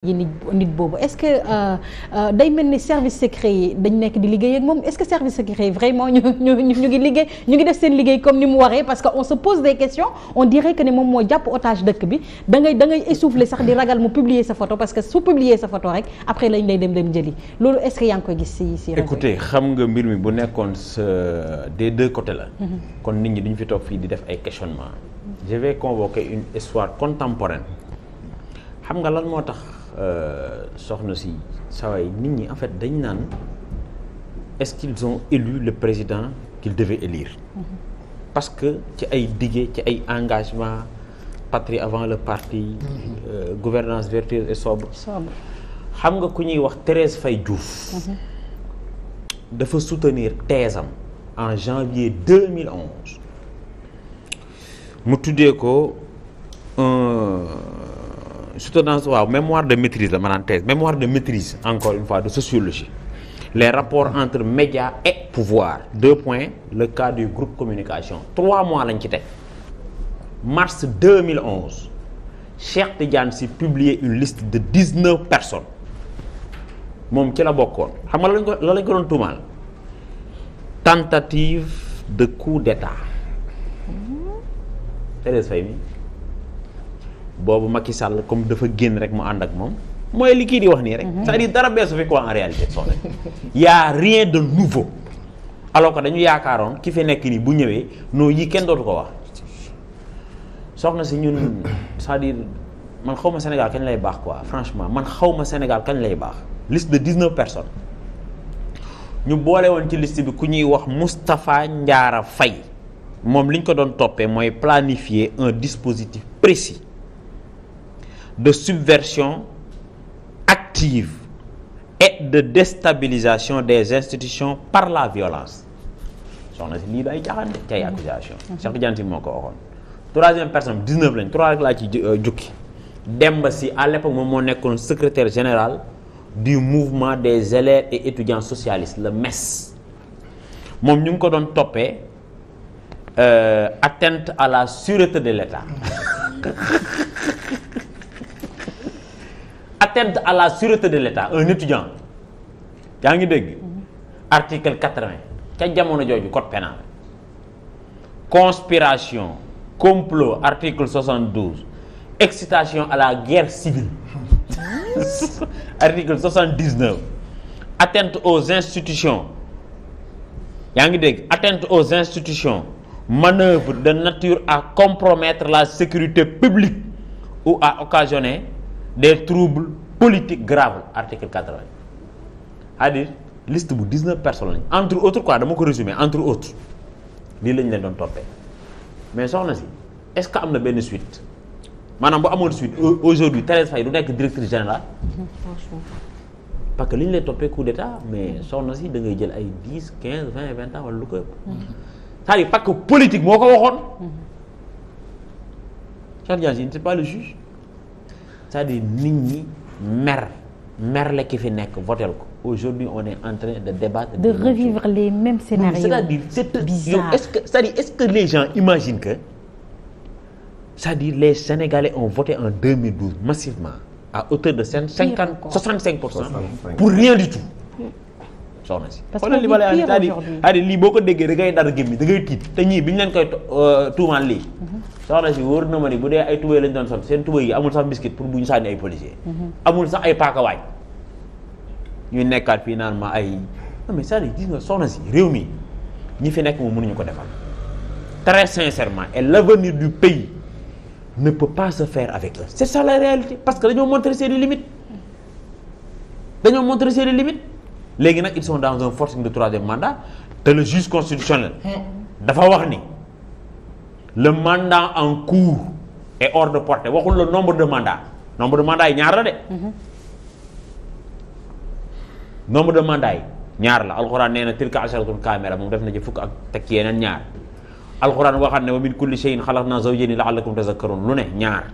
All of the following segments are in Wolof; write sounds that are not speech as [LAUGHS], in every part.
yi nit boobu est-ce que euh, euh, day mel ni service secret yi dañ nekk di liggéey ak moom est-ce que service secret yi vraiment ñu ñu ñu ngi liggéey ñu ngi def seen liggéey comme ni mu waree parce que on se pose des questions on dirait que ne moom moo jàpp otage dëkk bi da ngay da sax di ragal mu publier sa photo parce que su publier sa photo rek après lañ lay dem dem jëli loolu est yaa ngi koy gis si si xam nga mbir mi bu nekkoon sa des deux mhm. kon nit ñi duñu fi toog fii di def ay questionnement je vais convoquer une histoire contemporaine xam nga lan moo tax. Euh, soxna si saway nit ñi en fait dañ naan est-ce qu'ils ont élu le président qu'ils devaient élire mm-hmm. parce que ci ay dige ci ay engagement patrie avant le parti mm-hmm. euh, gouvernance vertueuse et sobre xam nga ku ñuy wax Thérèse Faye Diouf mm-hmm. dafa soutenir thèse am en janvier 2011 mu tuddee ko soutenance waaw mémoire de maîtrise la maanaam thèse mémoire de maîtrise encore une fois de sociologie les rapport entre médias et pouvoir deux points le cas du groupe communication trois mois lañ ci teg mars 2011 Cheikh Tidiane Sy publié une liste de dix-neuf personnes moom ci la bokkoon xam nga lañ ko la lañ ko doon tuumaal tentative de coup d'état mm-hmm. Thérèse Faye mi boobu Macky sàll comme dafa génn rek mu ànd ak moom mooy li kii di wax nii rek. Mhm. c'est-à-dire dara beesu fi quoi en réalité soxna y rien de nouveau alors que dañu yaakaaroon ki fi nekk nii bu ñëwee noo yi kenn dootu ko wax soxna si ñun c'est-à-dire man xaw ma Sénégal kañ lay baax quoi franchement man xaw ma Sénégal kañ lay baax. liste de 19 personnes ñu boole woon ci list bi ku ñuy wax Moustapha Ndiara fay moom li ñu ko doon toppee mooy planifier un dispositif précis. de subversion active et de déstabilisation des institutions par la violence soxna si lii du ay caaxaan de ci ay accusation mhm. Cheikh Tidiane Sy moo ko waxoon troisième personne 19 lañ trois rek laa ci euh, jukki Demba Sy à l'époque moom moo nekkoon secretaire général du mouvement des élèves et étudiants socialistes le MES moom ñu ngi ko doon toppee euh, atteinte à la sûreté de l'État [LAUGHS] atteinte à la sureté de l'État un étudiant yaa ngi dégg article quatre-vingt ca jamono jooju code pénal conspiration complot article soixante-douze excitation à la guerre civile [LAUGHS] article soixante-dix-neuf atteinte aux institutions yaa ngi dégg atteinte aux institutions manœuvre de nature à compromètre la sécurité publique ou à occasionner des troubles politiques graves article 80 c'est-à-dire bu 19 personnes lañ entre autres quoi dama ko résumer entre autres lii lañ leen doon toppee mais soxna si est-ce que am na benn suite maanaam bu amoon suite aujourd'hui Thérèse Faye du nekk directrice générale parce que li ñu lay toppee coup mais soxna si da ngay jël ay 10 quinze 20 20 ans wala lu ko ëpp cest à que politique moo ko waxoon mhm. Cheikh Diagne c'est pas le c'est-à-dire nit ñi mer mer la ki fi nekk votel ko aujourd'hui on est en train de débattre. de revivre les mêmes scénarios. c'est-à-dire c'est est-ce que c'est-à-dire est les gens imaginent que c'est-à-dire les Sénégalais ont voté en 2012 massivement à hauteur de cinquante 65 pour cent pour rien du tout. soxna si. xoolal li ma lay wax c'est-à-dire lii boo ko déggee da ngay dar gémmi da tiit te ñii bi ñu leen koy euh, tuumaan lii. Mhm. soxna si wóor bu dee ay tubéy lañ doon sol seen tubéy yi amul sax biscuit pour bu ñu sànni ay policier mhm. amul sax ay paakawaañ. ñuy nekkaat fii naan ma ay non mais cest gis nga soxna si réew mi ñi fi nekk moom mënuñu ko defal très sincèrement et l'avenir du pays ne peut pas se faire avec eux. c'est ça la réalité parce que dañoo montré seen i dañoo montré seen i léegi nag ils sont dans un forcing de troisième mandat te le juge constitutionnel dafa wax ni le mandat en cours est hors de waxul le nombre de mandats nombre de mandats yi ñaar la de nombre de mandats yi ñaar la alxuraan nee na tilka asharatun kaamila moom def na ci fukk ak tekki yeneen ñaar alxuraan waxaat ne wa min kulli shay'in xalaqnaa zawjayni la'allakum tazakkarun lu ne ñaar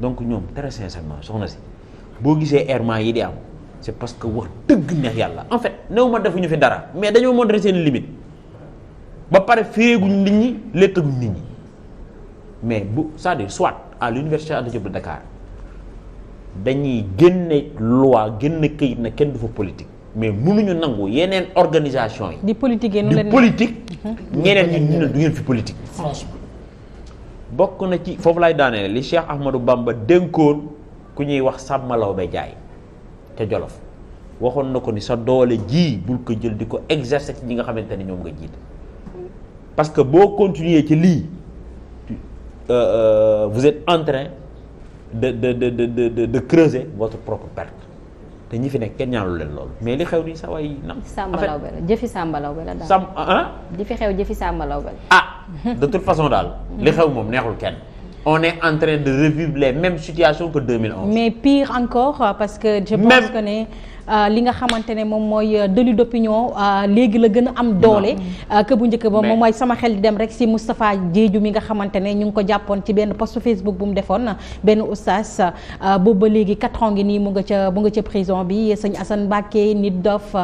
donc ñoom très sincèrement soxna si boo gisee errement yi di c' est parce que wax dëgg neex yàlla en fait néew ma defuñu fi dara mais dañoo montré seen limit ba pare féeguñ nit ñi léttaguñ nit ñi mais bu c'est-à-dire soit à l' université Anta Diop de Dakar dañuy génne loi génne këyit na kenn du fa politique mais mënuñu nangu yeneen organisation yi. di politique di politique. Mhm. ñeneen ñi ñu ne du ngeen fi politique. franchement bokk na ci foofu lay daaneel li Cheikh Ahmadou Bamba dénkoon ku ñuy wax sàmmalaw bay jaay. ca Jolof waxoon na ko ni sa doole jii bul ko jël di ko exercer ci ñi nga xamante ni ñoom nga jiite parce que boo continuer ci lii euh, euh, vous êtes en de de de de de de creuser votre propre perte te ñi fi nekk kenn ñaanu leen loolu mais li xew nii sa waay nam. Samba Laobé la jëfi Samba Laobé la daal. ah. li fi xew jëfi Samba ah, de toute façon daal. li xew moom neexul kenn. on est en train de revivre les mêmes situations que 2011. mais pire encore parce que je pense même... que ne. Euh, li nga xamante ne moom mooy euh, délit d'opinion euh, léegi la gën a am doole que bu njëkk ba moom mooy sama xel di dem rek si Moustapha Diédhiou mi nga xamante ne ñu ngi ko jàppoon ci benn post Facebook bu mu defoon benn oustaz boobu ba léegi quatre ans ngi nii mu nga ca mu nga ca prison bi sëñ Assane Mbacké nit dof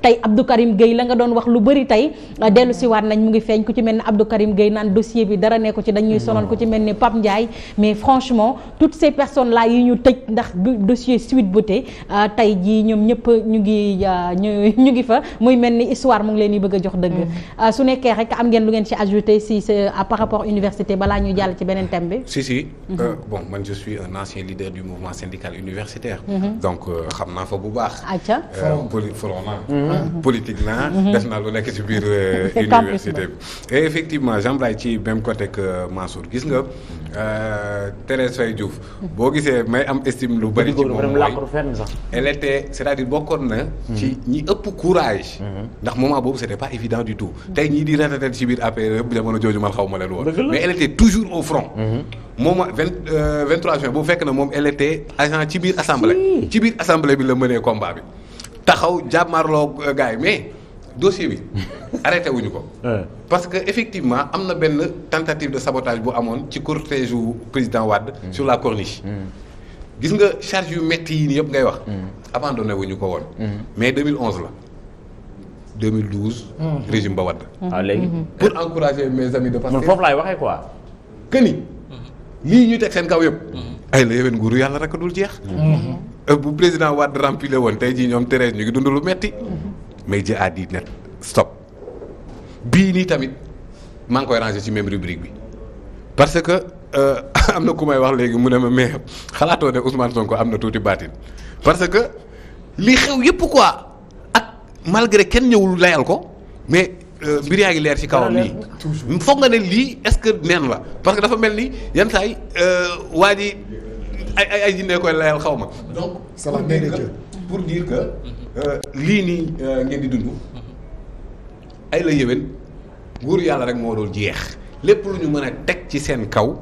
tey Abdou Karim Gueye la nga doon wax lu bëri tey dellu si waat nañ mu ngi feeñ ku ci mel ni Abdou Karim Gueye naan dossier bi dara nekku ci dañuy sonal ku ci mel ni Pape Ndiaye mais franchement toutes ces personnes là yi ñu tëj ndax dossier Sweet Beauté Euh, tey jii ñoom ñëpp ñu ngi euh, [LAUGHS] ñu ngi fa muy mel ni histoire mu ngi leen di bëgg a jox dëgg. Mm-hmm. Euh, su nekkee rek am ngeen lu ngeen ci ajouté si par rapport université balaa ñuy jàll ci beneen thème bi. si si. Mm-hmm. bon man je suis un ancien leader du mouvement syndical universitaire. Mm-hmm. donc xam naa fa bu baax. acca poli naa. politique naa. lu nekk ci biir [LAUGHS] université bi. effectivement jean ci même côté que Mansour gis nga Thérèse Faye Diouf. boo gisee may am estime lu bari ci moom sax. elle était c'est-à-dire bokkoon na. ci mhm. ñi ëpp courage. Mhm. ndax moment boobu c'était pas évident du tout. tey ñii di ratatat ci biir APR yëpp jamono jooju man xaw ma leen woon. mais elle était toujours au front. Mhm. moom vingt euh, vingt trois juin bu fekk na moom elle était agent ci biir assemblée. ci biir assemble bi la mënee combat bi. taxaw jàmmarloo euh, gars yi mais. dossier bi [LAUGHS] arrêté wuñu ko. parce que effectivement am na benn tentative de sabotage bu amoon ci cortège u président Wade. sur la corniche. gis nga charge yu metti yi nii yëpp ngay wax. Mm. abandonné wu ñu ko woon. Mm. mais 2011 la. 2012. Mm. régime ba wadd. waaw ah, léegi mm-hmm. pour encourager mes amis de Pastef. man foofu laay waxee quoi. que ni mm-hmm. lii ñuy teg seen kaw yëpp. Mm-hmm. ay la yeween nguuru yàlla rek dul jeex. Euh, bu président Wade rempilé woon tey jii ñoom Thérèse ñu ngi dund lu metti mais ji a dit net stop. bii nii tamit maa ngi koy rangé ci même rubrique bi parce que. Euh, [LAUGHS] am na ku may wax léegi mu ne ma mais xalaatoo ne Ousmane ko am na tuuti baatin parce que li xew yëpp quoi ak malgré kenn ñëwul layal ko mais euh, mbir yaa ngi leer ci kawam nii foog nga ne lii est-ce que neen la parce que dafa mel ni yan saay euh, waa ji ay ay ay xaw ma donc ça pour lii nii ngeen di dund ay la yéwén nguur yàlla rek moo doon jeex lépp lu ñu mën a teg ci seen kaw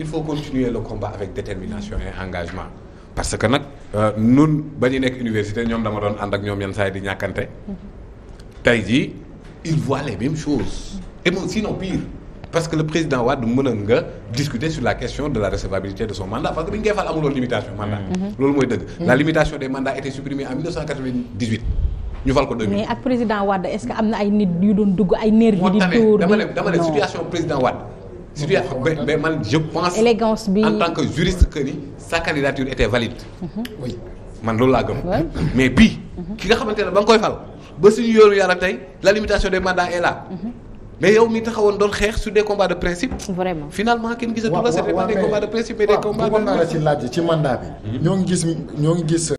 il faut continuer le combat avec détermination et engagement parce que nag euh, nun ba ñu nekk université ñoom dama doon ànd ak ñoom yenn saa yi di ñàkkante tey jii ils voient les mêmes choses et même sinon pire parce que le président Wade mën a nga discuter sur la question de la recevabilité de son mandat parce que bi ñu koy fal amuloon limitation mandat mm-hmm. Mm-hmm. loolu mooy dëgg mm-hmm. la limitation des mandats était supprimée en ñu fal ko 2000 mais ak président Wade est nit yu doon dugg ay nerf situation mais man je pense. élégance bi en tant que juriste ni sa candidature était valide. Mhm. man loolu laa gëm. [CLEARS THROAT] mais bii. ki nga xamante ne ba nga koy fal ba suñu yoonu yàlla tey la limitation des mandats est mhm. mais yow mi taxawoon doon xeex sur des combats de principe. finalement kenn gisatu la c'était pas des combats de principe mais des combats de. waaw bëggoon naa la ci laaj ci mandat bi. Mhm. ñoo ngi gis ñoo ngi gis.